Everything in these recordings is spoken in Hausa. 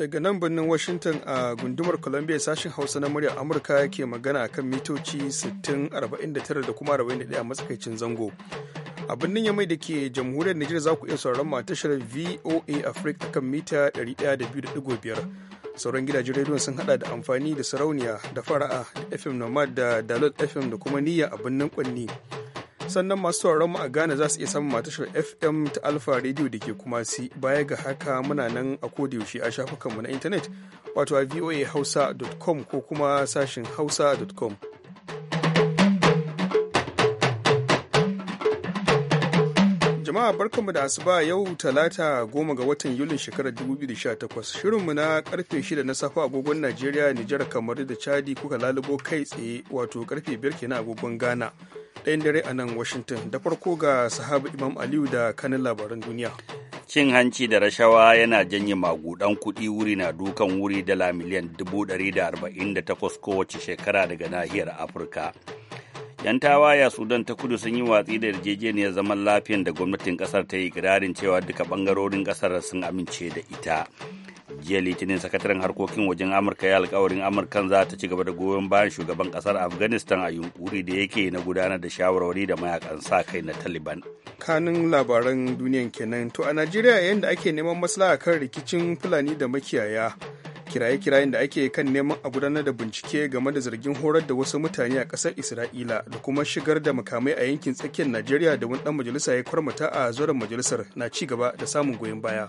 daga nan birnin Washington a gundumar Columbia sashen Hausa na muryar Amurka ke magana kan mitoci 60, da kuma 41 a matsakaicin zango. A birnin Yamai da ke jamhuriyar Nijar za ku iya sauraron ma tashar VOA Africa kan mita 102.5. Sauran gidajen rediyon sun hada da amfani da sarauniya da fara'a da FM Nomad da Dalot FM da kuma niyya a birnin Kwanni. sannan masu sauraron mu a Ghana za su iya samun matashar FM ta Alpha Radio da ke kuma si baya ga haka muna nan a yaushe a shafukanmu na intanet wato a voahausa.com ko kuma sashin hausa.com. Jama'a barkanmu da asuba yau talata goma ga watan Yulin shekarar 2018 shirinmu na karfe 6 na safa agogon Najeriya, Nijar, kamar da Chadi kuka lalubo kai tsaye wato karfe 5 kenan agogon Ghana. Ɗayan dare a nan Washington da farko ga sahabu Imam Aliyu da kanin labaran duniya. Cin hanci da rashawa yana janye magudan kuɗi wuri na dukan wuri dala miliyan 148 kowace shekara daga nahiyar Afirka. 'yan tawaya sudan ta kudu sun yi watsi da yarjejeniyar zaman lafiyan da gwamnatin kasar ta yi ikirarin cewa duka bangarorin kasar sun amince da ita jiya litinin sakataren harkokin wajen amurka ya alkawarin amurkan za ta ci gaba da goyon bayan shugaban kasar afghanistan a yunkuri da yake na gudanar da shawarwari da mayakan sa kai na taliban kanin labaran duniyan kenan to a najeriya yadda ake neman maslaha kan rikicin fulani da makiyaya kiraye-kirayen da ake kan neman a gudanar da bincike game da zargin horar da wasu mutane a ƙasar isra'ila da kuma shigar da makamai a yankin tsakiyar najeriya da wani dan majalisa ya kwarmata a zoren majalisar na ci gaba da samun goyon baya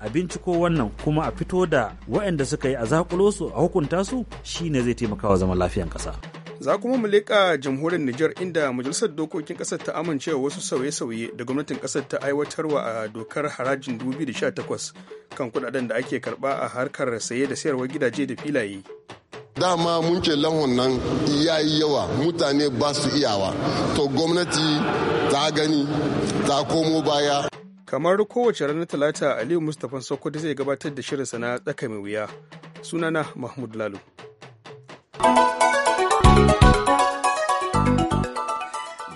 a binciko wannan kuma a fito da waɗanda suka yi a zakulo su a hukunta su shine zai taimaka wa zaman lafiyar ƙasa za kuma mu leƙa jamhuriyar Nijar inda majalisar dokokin ƙasar ta amincewa wasu sauye-sauye da gwamnatin ƙasar ta aiwatarwa a dokar harajin 2018 kan kudaden da ake karba a harkar saye da sayarwar gidaje da filaye. dama mun ce lahon nan ya yi yawa mutane ba su iyawa to gwamnati ta gani ta komo baya kamar kowace ranar talata aliyu mustapha sokoto zai gabatar da shirin na tsaka mai wuya sunana mahmud lalu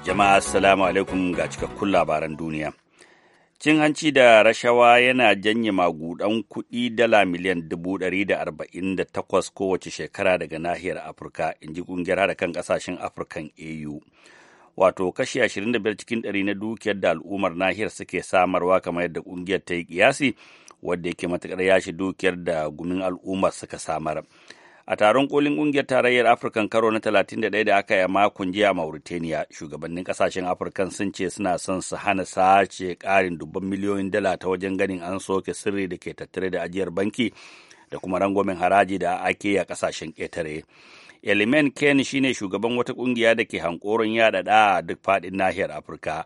Jama'a assalamu alaikum ga cikakkun labaran duniya. Cin hanci da rashawa yana janye magudan kuɗi dala miliyan dubu ɗari da arba'in da takwas kowace shekara daga nahiyar Afirka, in ji ƙungiyar haɗa kan ƙasashen Afirkan AU. Wato kashi 25 cikin ɗari na dukiyar da al'ummar nahiyar suke samarwa kamar yadda ƙungiyar ta yi ƙiyasi, wadda yake matuƙar yashi dukiyar da gumin al'ummar suka samar. a taron kolin kungiyar tarayyar afirkan karo na 31 da aka yi makon jiya mauritaniya shugabannin kasashen afirkan sun ce suna son su hana sace karin dubban miliyoyin dala ta wajen ganin an soke sirri da ke tattare da ajiyar banki da kuma rangwamen haraji da ake a kasashen ƙetare elimen ken shine shugaban wata kungiya da ke hankorin yada duk faɗin nahiyar afirka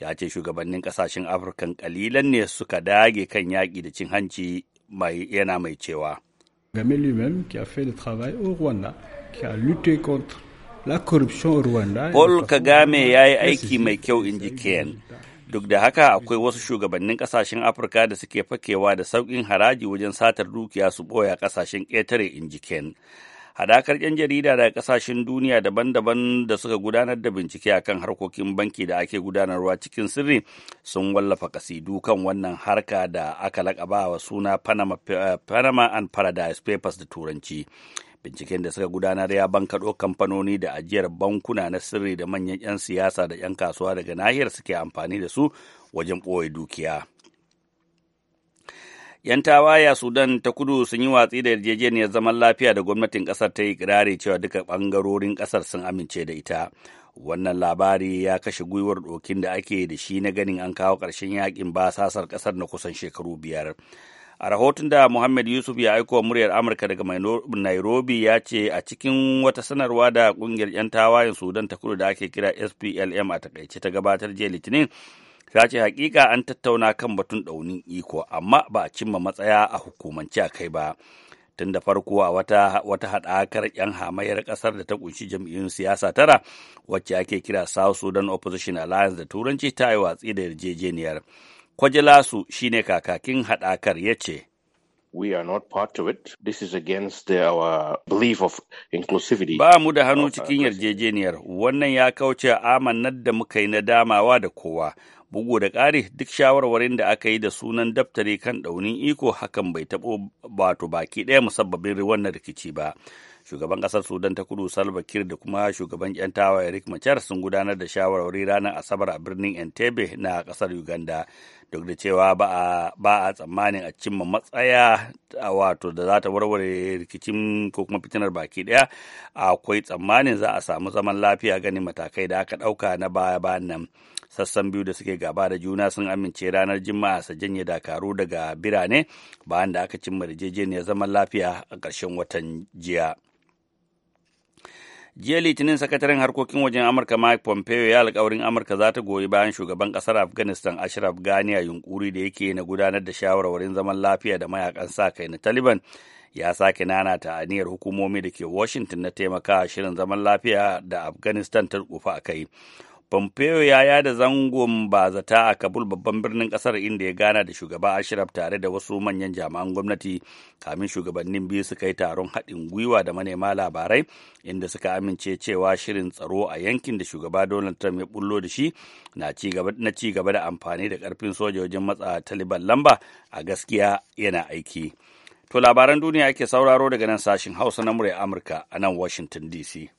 ya ce shugabannin kasashen afirkan kalilan ne suka dage kan yaƙi da cin hanci mai yana mai cewa Gamé lui-même qui a fait le travail au Rwanda, qui a lutté contre la corruption au Rwanda. Paul Kagame ya yi aiki mai kyau inji Ken. Duk da haka akwai wasu shugabannin kasashen Afirka da suke fakewa da sauƙin haraji wajen satar dukiya su ɓoya kasashen ƙetare in ji Ken. Hadakar 'yan jarida daga kasashen duniya daban-daban da suka gudanar da bincike a kan harkokin banki da ake gudanarwa cikin sirri sun wallafa kasidu kan wannan harka da aka wa suna eh, Panama and Paradise Papers da Turanci. binciken da suka gudanar ya bankaɗo kamfanoni da ajiyar bankuna na sirri da manyan 'yan siyasa da 'yan kasuwa daga nahiyar suke amfani da su wajen ɓoye dukiya 'Yan tawaya Sudan ta kudu sun yi watsi da yarjejeniyar zaman lafiya da gwamnatin ƙasar ta yi kirari cewa duka ɓangarorin ƙasar sun amince da ita. Wannan labari ya kashe gwiwar dokin da ake da shi na ganin an kawo ƙarshen yakin basasar kasar na kusan shekaru biyar. a rahoton da Muhammad Yusuf ya aiko wa muryar Amurka daga Nairobi ya ce a cikin wata sanarwa da kungiyar 'yan tawayen Sudan ta kudu da ake kira SPLM a takaice ta gabatar jiya Litinin ta ce hakika an tattauna kan batun ɗaunin iko amma ba a cimma matsaya a hukumance a kai ba tun da farko a wata, wata haɗakar 'yan hamayar ƙasar da ta ƙunshi jam'iyyun siyasa tara wacce ake kira south sudan opposition alliance da turanci ta yi watsi da yarjejeniyar kwajilasu shine kakakin haɗakar ya ce We are not part of it. This is against the, our belief of inclusivity. Ba mu da hannu cikin uh, yarjejeniyar, wannan ya kauce amannar da muka yi na damawa da kowa, bugu da ƙari duk shawarwarin da aka yi da sunan daftari kan ɗaunin iko hakan bai taɓo wato baki ɗaya musabbabin wannan rikici ba shugaban ƙasar sudan ta kudu salva kir da kuma shugaban yan tawaye rick machar sun gudanar da shawarwari ranar asabar a birnin entebbe na ƙasar uganda duk da cewa ba a tsammanin a cimma matsaya a wato da za ta warware rikicin ko kuma fitinar baki ɗaya akwai tsammanin za a samu zaman lafiya ganin matakai da aka ɗauka na baya bayan nan sassan biyu da suke gaba da juna sun amince ranar juma'a su janye dakaru daga birane bayan da aka cimma yarjejeniyar zaman lafiya a ƙarshen watan jiya jiya litinin sakataren harkokin wajen amurka mike pompeo ya alkawarin amurka za ta goyi bayan shugaban kasar afghanistan ashraf ghani a yunkuri da yake na gudanar da shawarwarin zaman lafiya da mayakan sa kai na taliban ya sake nana ta aniyar hukumomi da ke washington na taimaka shirin zaman lafiya da afghanistan ta rufa a kai Pompeo ya yada zangon bazata a Kabul babban birnin kasar inda ya gana da shugaba Ashraf tare da wasu manyan jami'an gwamnati kamin shugabannin biyu suka yi taron haɗin gwiwa da manema labarai inda suka amince cewa shirin tsaro a yankin da shugaba Donald Trump ya bullo da shi na ci gaba da amfani da ƙarfin soja wajen matsa Taliban lamba a gaskiya yana aiki. To labaran duniya ake sauraro daga nan sashin Hausa na Amurka a nan Washington DC.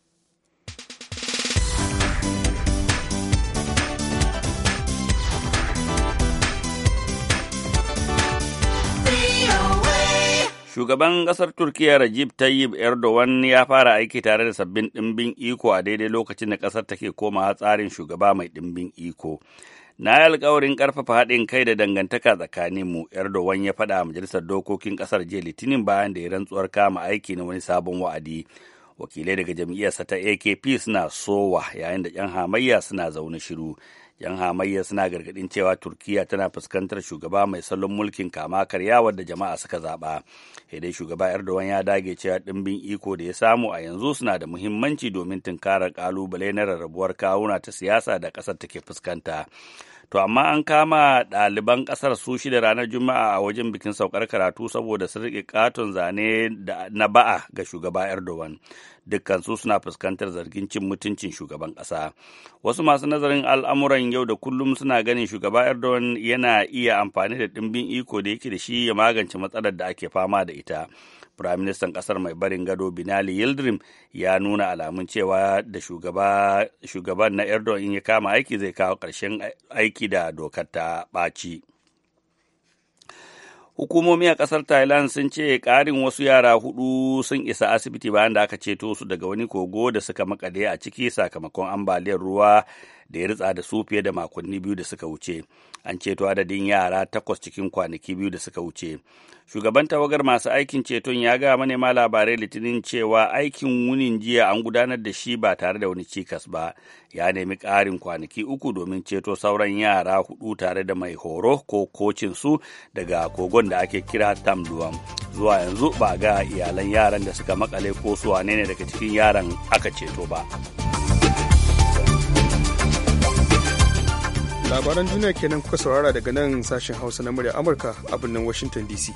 Shugaban ƙasar Turkiyya Rajib tayyib Erdogan ya fara aiki tare da sabbin ɗimbin iko a daidai lokacin da ƙasar take komawa tsarin shugaba mai ɗimbin iko. Na yi alkawarin ƙarfafa haɗin kai da dangantaka tsakanin mu Erdogan ya faɗa a majalisar dokokin ƙasar jiya Litinin bayan da ya rantsuwar kama aiki na wani sabon wa'adi. Wakilai daga jam'iyyarsa ta AKP suna sowa yayin da 'yan hamayya suna zaune shiru. yan hamayya suna gargadin cewa turkiya tana fuskantar shugaba mai salon mulkin kama karya wadda jama'a suka zaɓa dai shugaba erdogan ya dage cewa ɗimbin iko da ya samu a yanzu suna da muhimmanci domin tunkarar ƙalubale na rarrabuwar kawuna ta siyasa da ƙasar take fuskanta to amma an kama ɗaliban ƙasar su shida ranar juma'a a wajen bikin saukar karatu saboda sun riƙe katon zane na ba'a ga shugaba erdogan dukkansu suna fuskantar zargin cin mutuncin shugaban ƙasa wasu masu nazarin al'amuran yau da kullum suna ganin shugaba erdogan yana iya amfani da ɗimbin iko da yake da shi ya magance matsalar da ake fama da ita firaministan ƙasar mai barin gado binali yildirim ya nuna alamun cewa da shugaban na erdogan in ya kama aiki zai kawo ƙarshen aiki da dokar ta ɓaci. Hukumomi a ƙasar Thailand sun ce ƙarin wasu yara hudu sun isa asibiti bayan da aka ceto su daga wani kogo da suka makade a ciki sakamakon ambaliyar ruwa da ya ritsa da su fiye da makonni biyu da suka wuce an ceto adadin yara takwas cikin kwanaki biyu da suka wuce shugaban tawagar masu aikin ceton ya ga manema labarai litinin cewa aikin wunin jiya an gudanar da shi ba tare da wani cikas ba ya nemi ƙarin kwanaki uku domin ceto sauran yara hudu tare da mai horo ko kocin su daga kogon da ake kira tamduwan zuwa yanzu ba ga iyalan yaran da suka makale ko su ne daga cikin yaran aka ceto ba. labaran duniya kenan kuka saurara daga nan sashen hausa na murya amurka a birnin washington dc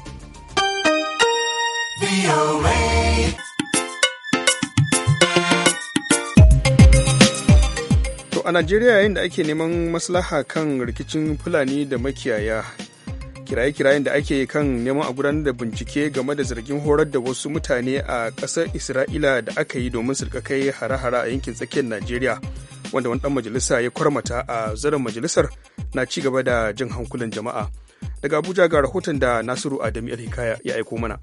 to a najeriya yayin da ake neman maslaha kan rikicin fulani da makiyaya kiraye-kirayen da ake kan neman a gudanar da bincike game da zargin horar da wasu mutane a ƙasar isra'ila da aka yi domin kai hare-hare a yankin tsakiyar najeriya wanda wani dan majalisa ya kwarmata a zaren majalisar na ci gaba da jin hankulan jama'a daga abuja ga rahoton da nasiru adamu hikaya ya aiko mana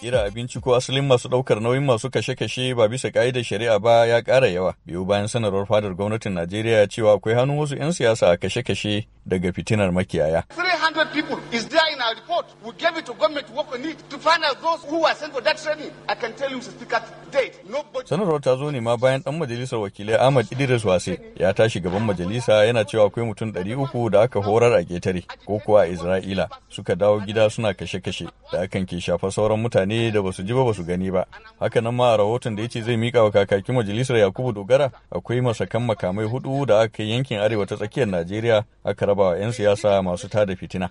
kira abinci ko asalin masu ɗaukar nauyin masu kashe-kashe ba bisa ka'idar shari'a ba ya kara yawa biyu bayan sanarwar fadar gwamnatin Najeriya cewa akwai hannun wasu 'yan siyasa a kashe-kashe daga fitinar makiyaya. 300 people is there in our report. We gave it to government to work on it to find out Sanarwar ta zo ne ma bayan dan majalisar wakilai Ahmad Idris Wase ya tashi gaban majalisa yana cewa akwai mutum ɗari uku da aka horar a ketare ko kuwa a Isra'ila suka dawo gida suna kashe-kashe da akan ke shafa sauran mutane ne da basu ji ba basu gani ba haka nan ma a rahoton da ya ce zai mika wa kakakin majalisar yakubu dogara akwai masakan makamai hudu da aka yankin arewa ta tsakiyar najeriya aka raba wa 'yan siyasa masu tada fitina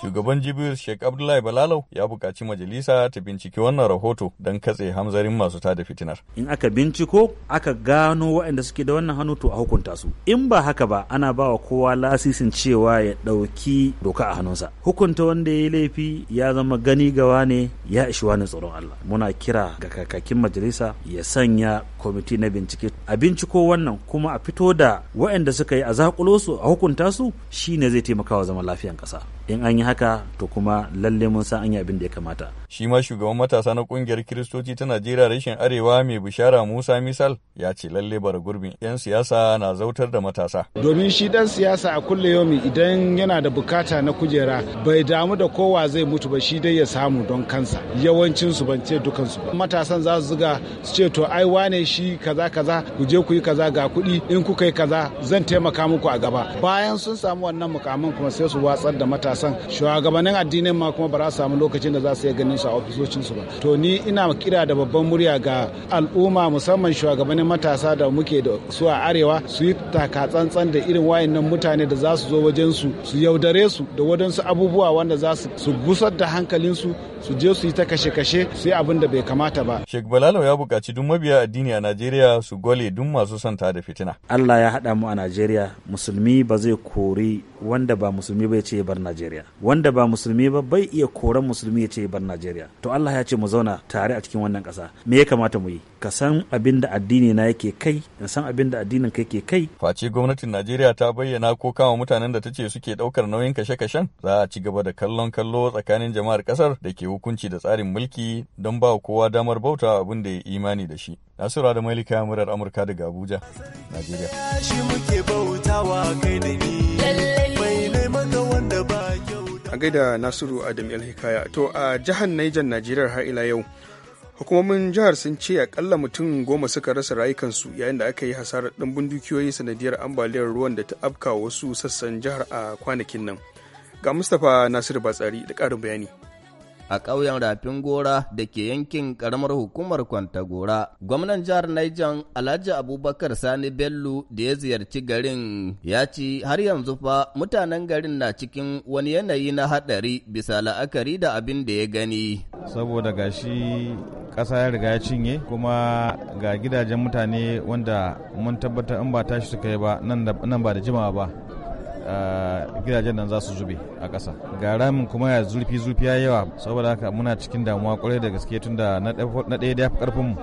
Shugaban Jibril Sheikh Abdullahi Balalau ya buƙaci majalisa ta binciki wannan rahoto don katse hamzarin masu tada fitinar. In aka binciko aka gano waɗanda suke da wannan hannu to a hukunta su. In ba haka ba ana ba wa kowa lasisin cewa ya ɗauki doka a hannunsa. Hukunta wanda ya yi laifi ya zama gani gawa ne ya ishi wani tsoron Allah. Muna kira ga kakakin majalisa ya sanya kwamiti na bincike. A binciko wannan kuma a fito da waɗanda suka yi a zaƙulo su a hukunta su shine zai taimaka wa zaman lafiyan ƙasa. in an yi haka to kuma lalle mun san an yi abin da ya kamata shi ma shugaban matasa na kungiyar kiristoci ta najeriya rashin arewa mai bishara musa misal ya ce lalle bara gurbin yan siyasa na zautar da matasa domin shi dan siyasa a kulle yomi idan yana da bukata na kujera bai damu da kowa zai mutu ba shi dai ya samu don kansa yawancin su ban ce dukan su ba matasan za su zuga su ce to ai wane shi kaza kaza ku je ku yi kaza ga kuɗi in kuka yi kaza zan taimaka muku a gaba bayan sun samu wannan mukamin kuma sai su watsar da matasan shugabannin addinin ma kuma ba za su samu lokacin da za su iya ganin su a su ba to ni ina kira da babban murya ga al'umma musamman shugabannin matasa da muke da su a arewa su yi takatsantsan da irin wayannan mutane da za su zo wajen su su yaudare su da wadansu abubuwa wanda za su gusar da hankalin su je su yi ta kashe-kashe su yi abin da bai kamata ba. Sheikh Balalo ya buƙaci duk mabiya addini a Najeriya su gole duk masu santa da fitina. Allah ya haɗa mu a Najeriya musulmi ba zai kori wanda ba musulmi ba ya ce bar Najeriya wanda ba musulmi ba bai iya koran musulmi ya ce bar Najeriya. Najeriya to Allah ya ce mu zauna tare a cikin wannan ƙasa me ya kamata mu yi ka san abin da addini na yake kai in san abin da addinin ka yake kai face gwamnatin Najeriya ta bayyana ko kama mutanen da ta ce suke ɗaukar nauyin kashe-kashen za a ci gaba da kallon kallo tsakanin jama'ar ƙasar da ke hukunci da tsarin mulki don ba kowa damar bauta abin da ya imani da shi Nasura da Malika murar Amurka daga Abuja Najeriya shi muke bautawa kai da ni mai wanda ba kyau a gaida nasiru adam hikaya to a jihar niger najeriya har ila yau hukumomin jihar sun ce akalla mutum goma suka rasa rayukansu yayin da aka yi hasarar dimbin dukiyoyi sanadiyar ambaliyar ruwan da ta afka wasu sassan jihar a kwanakin nan ga mustapha nasiru batsari da ƙarin bayani a ƙauyen Rafin Gora da ke yankin ƙaramar hukumar Kwantagora. Gwamnan jihar Niger Alhaji Abubakar Sani Bello da ya ziyarci garin ya ci har yanzu fa mutanen garin na cikin wani yanayi na haɗari bisa la'akari da abin da ya gani. Saboda gashi ƙasa ya riga ya cinye kuma ga gidajen mutane wanda mun tabbatar in ba tashi suka yi ba nan ba da jimawa ba gidajen nan za su zube a ƙasa ga ramin kuma ya zurfi zurfi ya yawa saboda haka muna cikin damuwa kwarai da gaske tun da na ɗaya da ƙarfin mu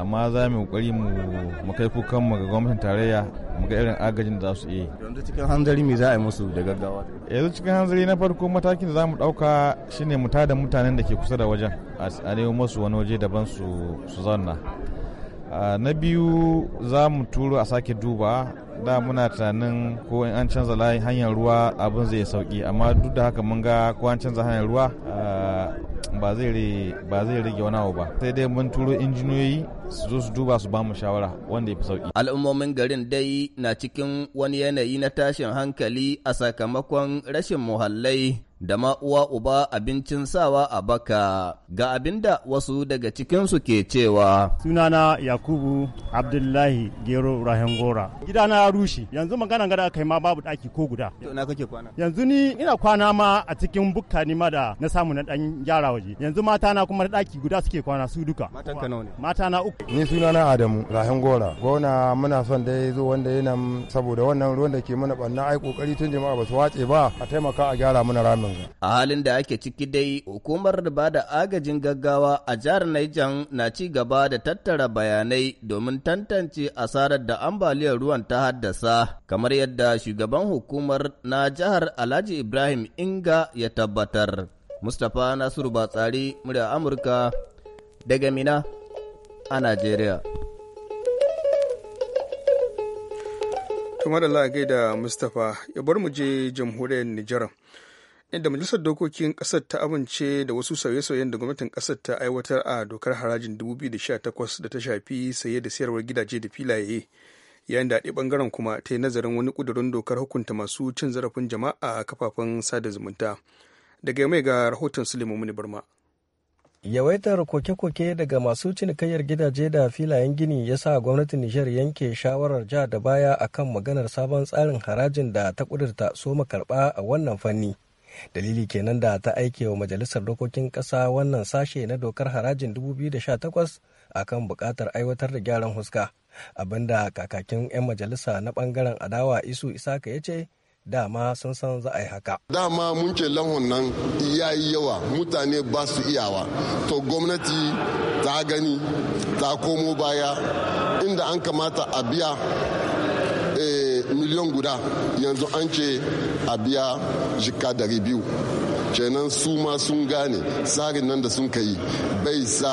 amma za mu ƙwari mu kai kukan mu ga gwamnatin tarayya mu ga irin agajin da za su yi yanzu cikin hanzari me za a yi musu da gaggawa yanzu cikin hanzari na farko matakin da za mu ɗauka shine mu tada mutanen da ke kusa da wajen a nemo musu wani waje daban su su zanna na biyu za mu turo a sake duba da muna tunanin ko in an canza layin hanyar ruwa abin zai sauki amma duk da haka mun ga ko an canza hanyar ruwa ah, ba zai rage wani abu ba sai dai mun turo injiniyoyi su su duba su bamu shawara wanda ya fi sauki. Al'ummomin garin dai na cikin wani yanayi na tashin hankali a sakamakon rashin muhallai da ma uwa uba abincin sawa a baka ga abinda wasu daga cikinsu ke cewa. Sunana Yakubu Abdullahi Gero Rahen Gora. Gidana ya rushe yanzu magana gada kai ma babu ɗaki ko guda. Na kake kwana? Yanzu ni ina kwana ma a cikin bukka ni ma da na samu na ɗan gyara waje. Yanzu mata na kuma na ɗaki guda suke kwana su duka. Matan ka nawa ne? Mata na uku. Ni suna na Adamu Rahin Gora. Gona muna son dai zo wanda yana saboda wannan ruwan da ke mana banna ai kokari tun jama'a ba su wace ba a taimaka a gyara mana ramin. A halin da ake ciki dai hukumar da bada agajin gaggawa a jihar Niger na ci gaba da tattara bayanai domin tantance asarar da ambaliyar ruwan ta haddasa kamar yadda shugaban hukumar na jihar Alhaji Ibrahim Inga ya tabbatar. Mustapha Nasiru Batsari, murya Amurka, daga Mina a Najeriya. Tumar da gaida Mustapha ya bar mu je jamhuriyar Nijar. Inda majalisar dokokin ƙasar ta amince da wasu sauye-sauyen da gwamnatin ƙasar ta aiwatar a dokar harajin 2018 da ta shafi saye da siyarwar gidaje da filaye. Yayin da bangaren kuma ta yi nazarin wani ƙudurin dokar hukunta masu cin zarafin jama'a a kafafen sada zumunta. Daga mai ga rahoton Suleiman Muni Barma. yawaitar koke-koke daga masu cinikayyar gidaje da filayen gini ya sa gwamnatin nijar yanke shawarar ja da baya akan maganar sabon tsarin harajin da ta kudurta soma karɓa a wannan fanni dalili kenan da ta aike wa majalisar dokokin ƙasa wannan sashe na dokar harajin 2018 kan buƙatar aiwatar da gyaran huska abinda kakakin 'yan majalisa na ɓangaren adawa isu isaka ya ce dama sun san za a yi haka. Dama mun ce lahon nan ya yi yawa mutane ba su iyawa. To gwamnati ta gani ta komo baya inda an kamata a biya eh, miliyan guda yanzu an ce a biya jika dari biyu. kenan su ma sun gane tsarin nan da sun kai bai sa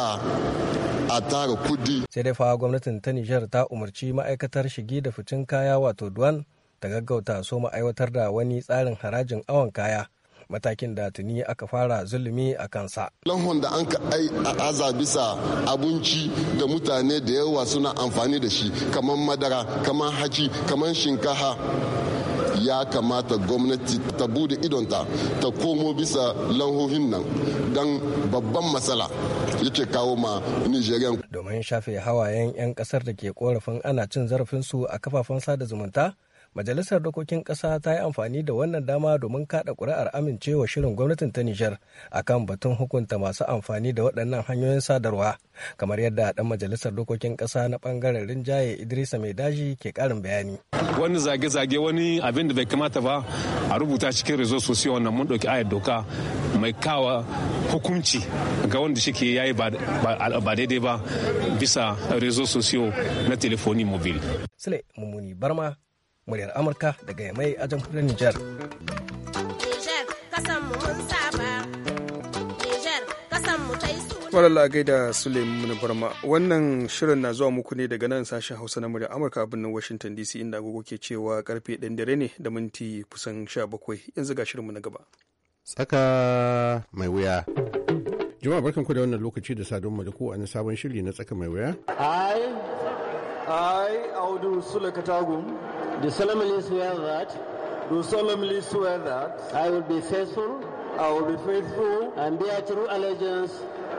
a tara kudi. Sai dai fa gwamnatin ta Nijar ta umarci ma'aikatar shigi da ficin kaya wato Duwan ta gaggauta soma aiwatar da wani tsarin harajin awon kaya matakin da tuni aka fara zulumi a kansa. Lanhon da an ka aza bisa abinci da mutane da yawa suna amfani da shi kamar madara, kamar haci, kamar shinkaha. ya kamata gwamnati ta bude idonta ta komo bisa lahohin nan don babban matsala yake kawo ma nigerian domin shafe hawayen 'yan kasar da ke korafin ana cin zarafin su a kafafen sada zumunta Majalisar Dokokin Ƙasa ta yi amfani da wannan dama domin kaɗa ƙuri'ar amincewa shirin gwamnatin ta Nijar akan batun hukunta masu amfani da waɗannan hanyoyin sadarwa, kamar yadda ɗan Majalisar Dokokin Ƙasa na ɓangaren Rinjaye Idrisa Mai Daji ke ƙarin bayani. Wani zage-zage wani abin da bai kamata ba a rubuta cikin rezo sosiyo wannan mun ɗauki ayar doka mai kawa hukunci ga wanda shi ke yayi ba daidai ba bisa rezo sosiyo na telefoni mobil. Sule Mumuni Barma muryar amurka daga yamai a jamhuriyar nijar Kwararra gaida Suleiman Barma wannan shirin na zuwa muku ne daga nan sashen Hausa na murya Amurka a birnin Washington DC inda agogo ke cewa karfe ɗan dare ne da minti kusan 17 yanzu ga shirinmu na gaba. Tsaka mai wuya. Jama'a barkan ku da wannan lokaci da sadon maliku a na sabon shiri na tsaka mai wuya. Ai, ai, Audu Sule Katagun. Do solemnly swear that. Do solemnly swear that. I will be faithful. I will be faithful. And bear true allegiance.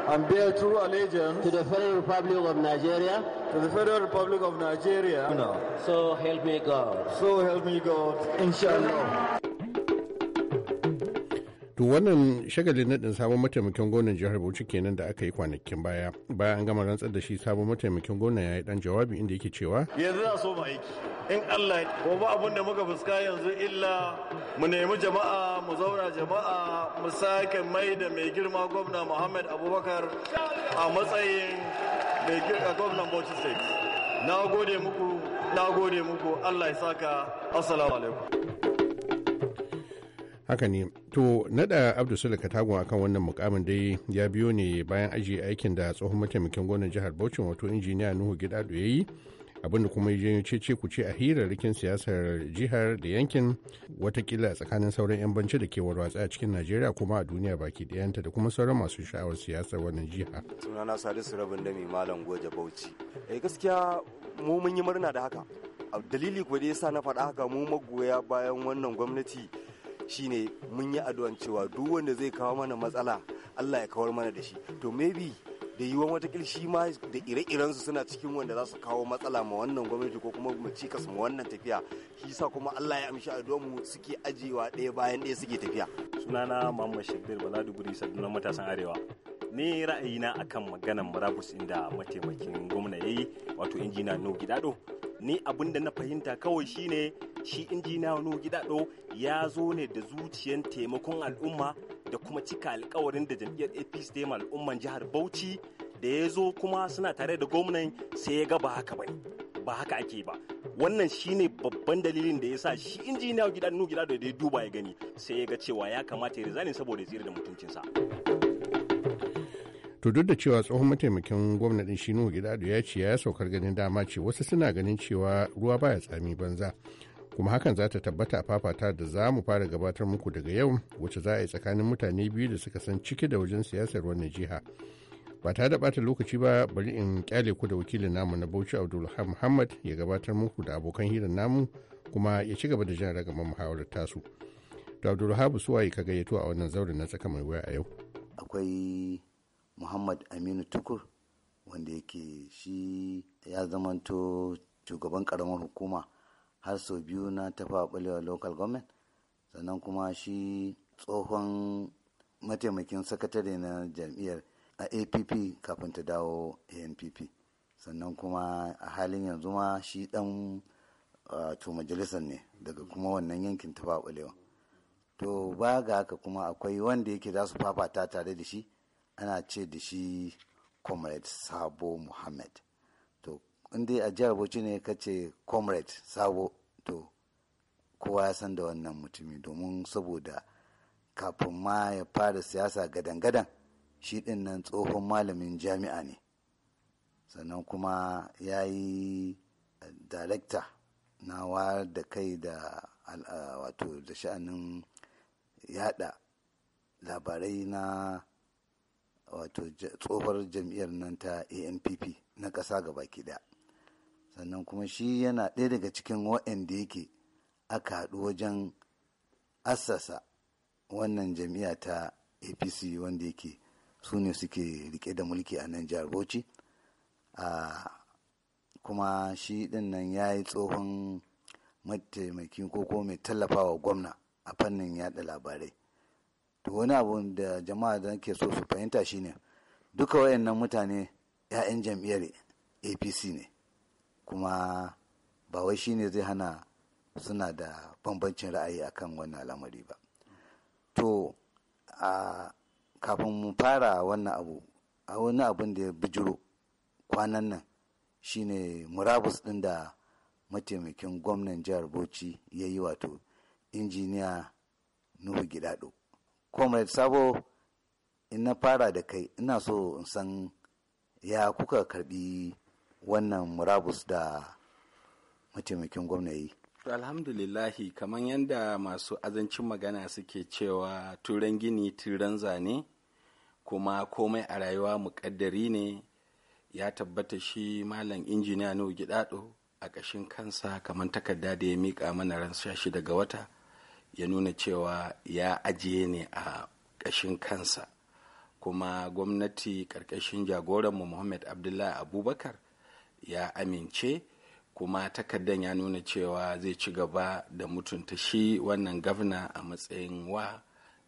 And bear true allegiance. To the Federal Republic of Nigeria. To the Federal Republic of Nigeria. No. So help me God. So help me God. Inshallah. to wannan shagalin naɗin sabon mataimakin gwamnan jihar bauchi kenan da aka yi kwanakin baya bayan an gama rantsar da shi sabon mataimakin gwamnan ya yi dan jawabi inda yake cewa yanzu za so mu aiki in allah ko ba abin da muka fuska yanzu illa mu nemi jama'a mu zauna jama'a mu sake mai da mai girma gwamna muhammad abubakar a matsayin mai girka gwamnan bauchi state na gode muku na gode muku allah ya saka assalamu alaikum haka ne to nada abdu sule katagun akan wannan mukamin dai ya biyo ne bayan ajiye aikin da tsohon mataimakin gwamnan jihar bauchi wato injiniya nuhu gidado ya yi abinda kuma ya janyo cece ce a hirarrakin siyasar jihar da yankin watakila tsakanin sauran 'yan banci da ke warwatsa a cikin najeriya kuma a duniya baki dayanta da kuma sauran masu sha'awar siyasar wannan jiha sunana salisu rabin da mai malam goje bauchi eh gaskiya mu mun yi murna da haka dalili kuwa da yasa na faɗa haka mu magoya bayan wannan gwamnati shine mun yi addu'an cewa duk wanda zai kawo mana matsala Allah ya kawar mana da shi to maybe da yiwuwan watakil shi ma da ire iren su suna cikin wanda za su kawo matsala ma wannan gwamnati ko kuma mu cikas ma wannan tafiya shi sa kuma Allah ya amshi mu suke ajiyewa ɗaya bayan ɗaya suke tafiya sunana Muhammad Shabir Baladuguri sadunan matasan arewa ne ra'ayina akan maganan murabus inda mataimakin gwamna yayi wato injina no gidado ni abin da na fahimta kawai shine shi injiniya wani gidado ya zo ne da zuciyar taimakon al'umma da kuma cika alkawarin da jam'iyyar apc ta al'umman jihar bauchi da ya zo kuma suna tare da gwamnan sai ya ga ba haka ba ba haka ake ba wannan shine babban dalilin da ya sa shi injiniya gidan nu gida da ya duba ya gani sai ya ga cewa ya kamata ya rizani saboda ya da mutuncinsa. to duk da cewa tsohon mataimakin gwamnatin shinu gidado ya ce ya saukar ganin dama ce wasu suna ganin cewa ruwa baya tsami banza kuma hakan za ta tabbata a fafata da za mu fara gabatar muku daga yau wacce za a yi tsakanin mutane biyu da suka san ciki da wajen siyasar wannan jiha ba ta da bata lokaci ba bari in kyale ku da wakilin namu na bauchi abdul muhammad ya gabatar muku da abokan hirar namu kuma ya ci gaba da jan ragaman muhawarar tasu da abdulhabu suwaye ka gayyato a wannan zauren na tsaka mai waya a yau akwai muhammad aminu tukur wanda yake shi ya zamanto shugaban karamar hukuma har sau biyu na tafa balewa local government sannan kuma shi tsohon mataimakin sakatare na jam'iyyar a app kafin ta dawo anpp sannan kuma a halin yanzu ma shi dan to majalisar ne daga kuma wannan yankin tafa balewa to ba ga haka kuma akwai wanda yake za su fafata tare da shi ana ce da shi comrade sabo muhammad to inda a jihar bauchi ne ka ce comrade sabo to kowa ya san da wannan mutumi domin saboda kafin ma ya fara siyasa gadan-gadan shi ɗin nan tsohon malamin jami'a ne sannan kuma ya yi eh, darekta na wayar da kai da ah, wato da sha'anin yada labarai na wato tsofar jam'iyyar nan ta anpp na ƙasa gaba ɗaya sannan kuma shi yana ɗaya daga cikin waɗanda yake aka haɗu wajen assasa wannan jam'iyya ta apc wanda yake su ne suke rike da mulki a nan jihar bauchi kuma shi ɗin nan ya yi tsohon mataimakin ko mai tallafawa gwamna a fannin yada labarai to wani abu da jama'a da ke so su fahimta shine duka wayannan mutane 'ya'yan jam'iyyar apc ne kuma ba wai shine zai hana suna da bambancin ra'ayi akan wannan al'amari ba to a kafin mu fara wannan abu a wani abin da ya bijiro kwanan nan shine murabus din da mataimakin gwamnan jihar bauchi ya yi wato injiniya nuhu gidado comrade sabo in na fara da kai ina so in san ya kuka karbi wannan murabus da mataimakin gwamnati alhamdulillahi kamar yadda masu azancin magana suke cewa turan gini turan zane kuma komai a rayuwa muƙaddari ne ya tabbata shi malam injiniya nau gidado a ƙashin kansa kamar takarda da ya miƙa mana ran shi daga wata ya nuna cewa ya ajiye ne a ƙashin kansa kuma gwamnati ƙarƙashin mu muhammad abdullahi abubakar ya amince kuma takardan ya nuna cewa zai ci gaba da mutunta shi wannan gavna a matsayin wa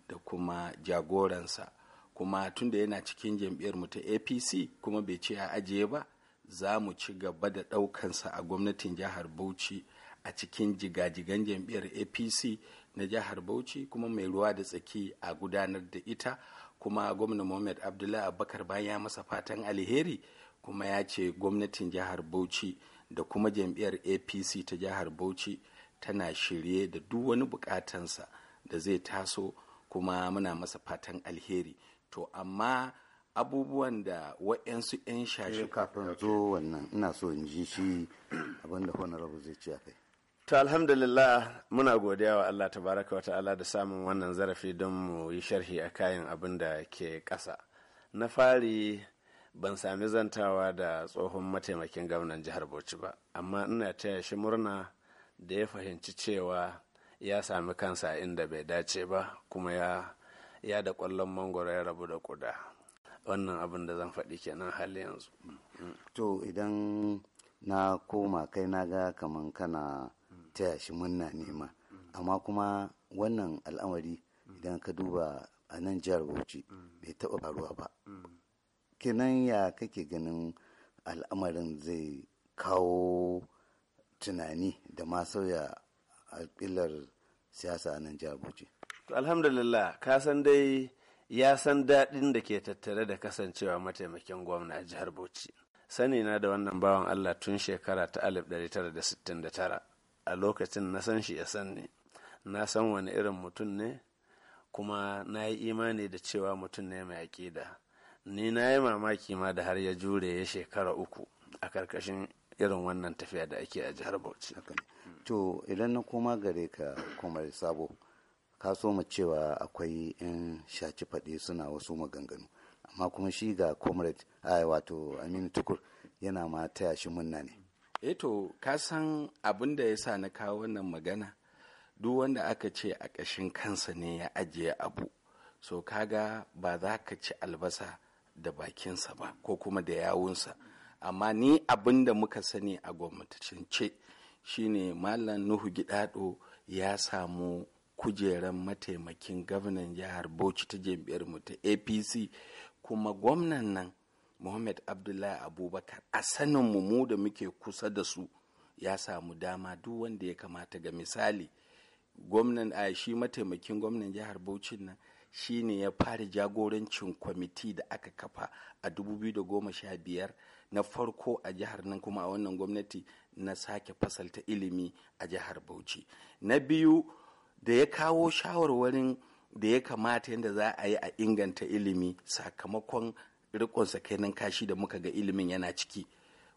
da kuma jagoransa kuma tunda yana cikin mu ta apc kuma bai ce ya ajiye ba za mu ci gaba da ɗaukansa a gwamnatin jihar bauchi a cikin jigajigan jam'iyyar apc na jihar bauchi kuma mai ruwa da tsaki a gudanar da ita kuma gwamna mohamed abdullahi abubakar bayan ya masa fatan alheri kuma ya ce gwamnatin jihar bauchi da kuma jam'iyyar apc ta jihar bauchi tana shirye da duk wani bukatansa da zai taso kuma muna masa fatan alheri to amma abubuwan da wayansu 'yan shashi eh, kafin zo wannan ina so in ji shi abinda honorable zai ce kai To alhamdulillah muna godiya wa Allah tabaraka wa ta'ala da samun wannan zarafi don mu yi sharhi a kayan abin da ke ƙasa. Na fari ban sami zantawa da tsohon mataimakin gwamnan jihar Bauchi ba, amma ina taya shi murna da ya fahimci cewa ya sami kansa inda bai dace ba kuma ya da kwallon mangoro ya rabu da kuda. Wannan abin da zan faɗi kenan hali yanzu. To idan na koma kai na ga kaman kana taya shi muna nema amma kuma wannan al'amari idan ka duba a nan jihar bauchi bai taba faruwa ba kenan ya kake ganin al'amarin zai kawo tunani da ma sauya alƙilar siyasa a nan jihar bauchi alhamdulillah ka san dai ya san daɗin da ke tattare da kasancewa mataimakin gwamna a jihar bauchi sani na da wannan bawan allah tun shekara ta 1969 a lokacin na san shi ya san ni na san wani irin mutum ne kuma na yi imani da cewa mutum ne mai aƙida ni na yi mamaki ma da har ya jure ya shekara uku a karkashin irin wannan tafiya da ake a jihar bauchi to idan na koma gare ka kuma sabo ka so mu cewa akwai yan shaci faɗi suna wasu maganganu amma kuma shi ga comrade wato aminu tukur yana ma taya shi munna ne eto eh ka san abin da ya sa na kawo wannan magana duk wanda aka ce a ƙashin kansa ne ya ajiye abu so kaga ba za ka ci albasa da bakinsa ba ko kuma da yawunsa amma ni abin da muka sani a shi shine malam nuhu gidado ya samu kujeran mataimakin gwamnan jihar bauchi ta jam'iyyar mu ta apc kuma gwamnan nan Muhammad Abdullahi Abubakar a sanin mu mu da muke kusa da su ya samu dama duk wanda ya kamata ga misali gwamnan a shi mataimakin gwamnan jihar Bauchi nan shi ne ya fara jagorancin kwamiti da aka kafa a 2015 na farko a jihar nan kuma a wannan gwamnati na sake fasalta ilimi a jihar Bauchi na biyu da ya kawo shawarwarin da ya kamata yadda za a yi a inganta ilimi sakamakon rikon sakainin kashi da muka ga ilimin yana ciki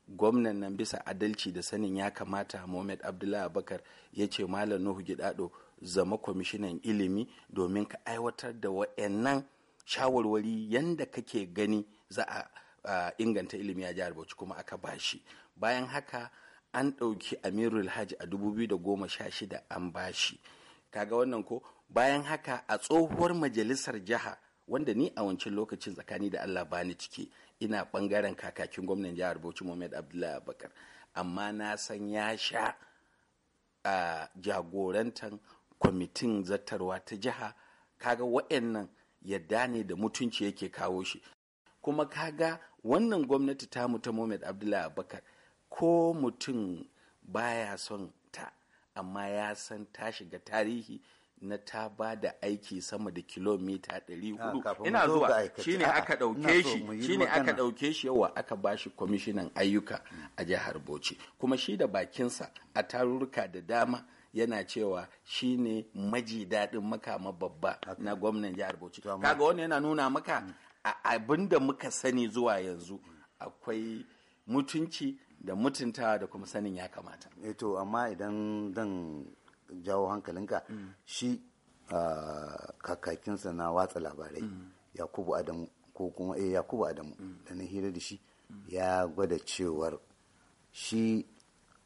gwamnan nan bisa adalci da sanin ya kamata mohamed abdullahi abakar ya ce malam nuhu gidado zama kwamishinan ilimi domin ka aiwatar da wa'annan shawarwari yanda kake gani za a inganta ilimi a jihar bauchi kuma aka bashi bayan haka an ɗauki da goma a 2016 an bashi kaga wannan ko bayan haka a tsohuwar majalisar jiha wanda ni a wancan lokacin tsakani da Allah bani ciki ina bangaren kakakin gwamnan jihar Bauchi Muhammad Abdullahi Abubakar amma na san ya sha a jagorantan kwamitin zattarwa ta jiha kaga wa'annan yadda ne da mutunci yake kawo shi kuma kaga wannan gwamnati ta ta Muhammad Abdullahi Abubakar ko mutum baya son ta amma ya san ta shiga tarihi na ta ba da aiki sama da kilomita 400 ah, ina zuwa shine aka ɗauke shi shine aka ɗauke shi yawa aka ba shi kwamishinan ayyuka a jihar bauchi kuma shi da bakinsa a tarurruka da dama yana cewa shi ne maji daɗin makama babba na gwamnan jihar bauchi kaga wani yana nuna maka abin da muka sani zuwa yanzu akwai mutunci da mutuntawa da kuma sanin ya kamata. Eto eh amma idan dan jawo hankalinka shi ah, kakakinsa na watsa labarai yakubu adamu ko kuma eh yakubu adamu da na hira da shi ya gwada cewar shi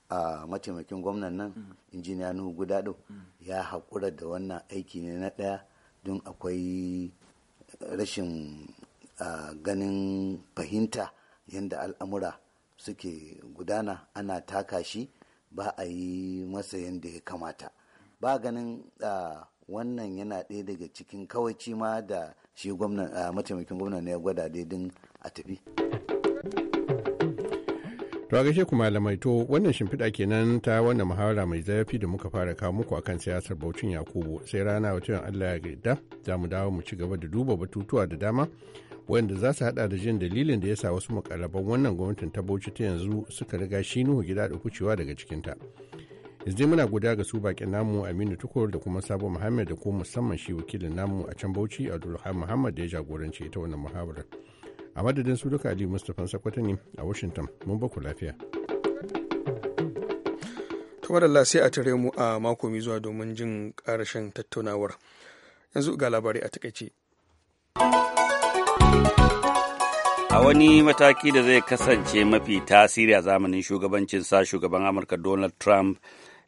a ah, mataimakin gwamnan nan injiniya nuhu gudado ya haƙura da wannan aiki ne na ɗaya don akwai rashin ah, ganin fahimta yadda al'amura suke gudana ana taka shi ba a yi masa yadda ya kamata ba ganin wannan yana ɗaya daga cikin kawaici ma da shi mataimakin gwamna ya gwada daidin a tafi to a gashe kuma to wannan shimfiɗa kenan ta wannan muhawara mai zafi da muka fara kawo muku akan siyasar baucin yakubu sai rana wata allah ya gaida za mu dawo mu ci gaba da duba batutuwa da dama wanda za su hada da jin dalilin da ya sa wasu mukarraban wannan gwamnatin ta bauchi ta yanzu suka riga shi nuhu gida da kucewa daga cikinta yanzu muna guda ga su bakin namu aminu tukur da kuma sabo muhammad da kuma musamman shi wakilin namu a can bauchi a abdulhamid muhammad da ya jagorance ita wannan muhawarar a madadin su duka ali mustapha sakwatani a washington mun baku lafiya tabarallah sai a tare mu a mako mai zuwa domin jin karashen tattaunawar yanzu ga labarai a takaice a wani mataki da zai kasance mafi tasiri a zamanin shugabancin sa shugaban amurka donald trump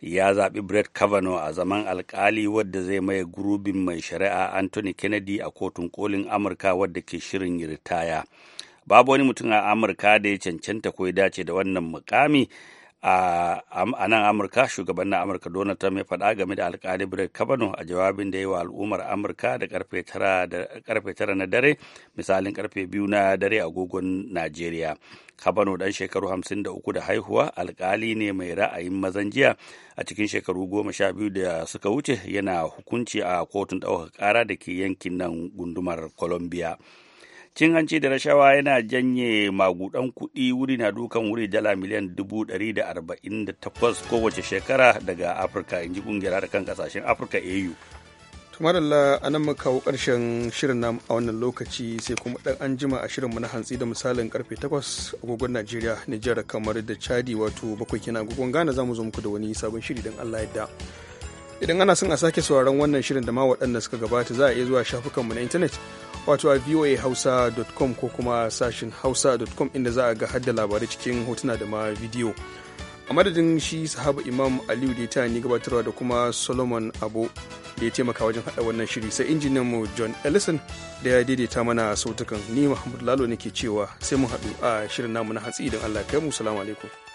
ya zaɓi brett kavanaugh a zaman alkali wadda zai maye gurubin mai shari'a anthony kennedy a kotun kolin amurka wadda ke shirin ritaya babu wani mutum a amurka da ya cancanta ko ya dace da wannan mukami a nan amurka shugaban na amurka donald trump ya faɗa game da alkali brett Kabano a jawabin da ya wa al'ummar amurka da karfe tara na dare misalin karfe biyu na dare agogon najeriya Kabano, dan shekaru hamsin da uku da haihuwa alkali ne mai ra'ayin mazan jiya a cikin shekaru goma sha biyu da suka wuce yana hukunci a kotun ɗaukar ƙara da ke yankin nan gundumar columbia cin hanci da rashawa yana janye magudan kuɗi wuri na dukan wuri dala miliyan dubu ɗari da arba'in da takwas kowace shekara daga afirka in ji kungiyar harkar kasashen afirka au Allah a nan muka kawo ƙarshen shirin nam a wannan lokaci sai kuma ɗan an jima a shirinmu na hantsi da misalin karfe 8 agogon najeriya nijar kamar da chadi wato bakwai kina agogon ghana za mu zo muku da wani sabon shiri don allah ya yadda idan ana son a sake sauraron wannan shirin da ma waɗanda suka gabata za a iya zuwa shafukanmu na intanet wato a voahausa.com ko kuma sashin hausa.com inda za a ga hadda labarai cikin hotuna da ma video a madadin shi sahaba imam aliyu da ta ni gabatarwa da kuma solomon abu da ya taimaka wajen hada wannan shiri sai injiniyan mu john ellison da ya daidaita mana sautukan ni muhammadu lalo nake cewa sai mun haɗu a shirin namu na hatsi idan allah kai mu salamu alaikum